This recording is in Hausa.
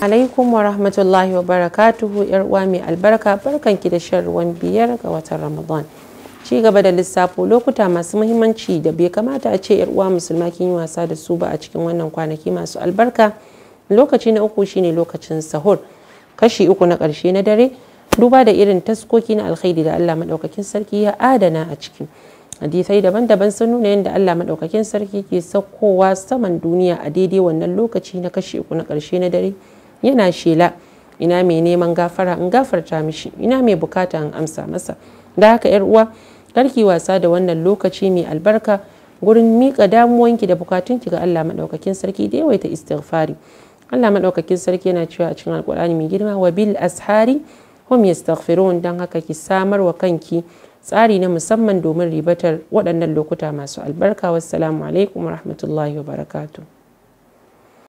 alaikum wa rahmatullahi wa barakatuhu yar uwa mai albarka barkan ki da shan ruwan biyar ga watan ramadan ci gaba da lissafo lokuta masu muhimmanci da bai kamata a ce yar uwa musulma kin yi wasa da su ba a cikin wannan kwanaki masu albarka lokaci na uku shine lokacin sahur kashi uku na karshe na dare duba da irin taskoki na alkhairi da Allah maɗaukakin sarki ya adana a ciki hadisai daban-daban sun nuna yadda Allah maɗaukakin sarki ke saukowa saman duniya a daidai wannan lokaci na kashi uku na karshe na dare yana shela ina mai neman gafara in gafarta mishi ina mai bukata in amsa masa da haka yar uwa karki wasa da wannan lokaci mai albarka gurin miƙa damuwanki da bukatunki ga Allah maɗaukakin sarki da yawaita istighfari Allah maɗaukakin sarki yana cewa a cikin alkur'ani mai girma wa bil ashari hum yastaghfirun don haka ki samar wa kanki tsari na musamman domin ribatar waɗannan lokuta masu albarka wassalamu alaikum wa rahmatullahi wa barakatuh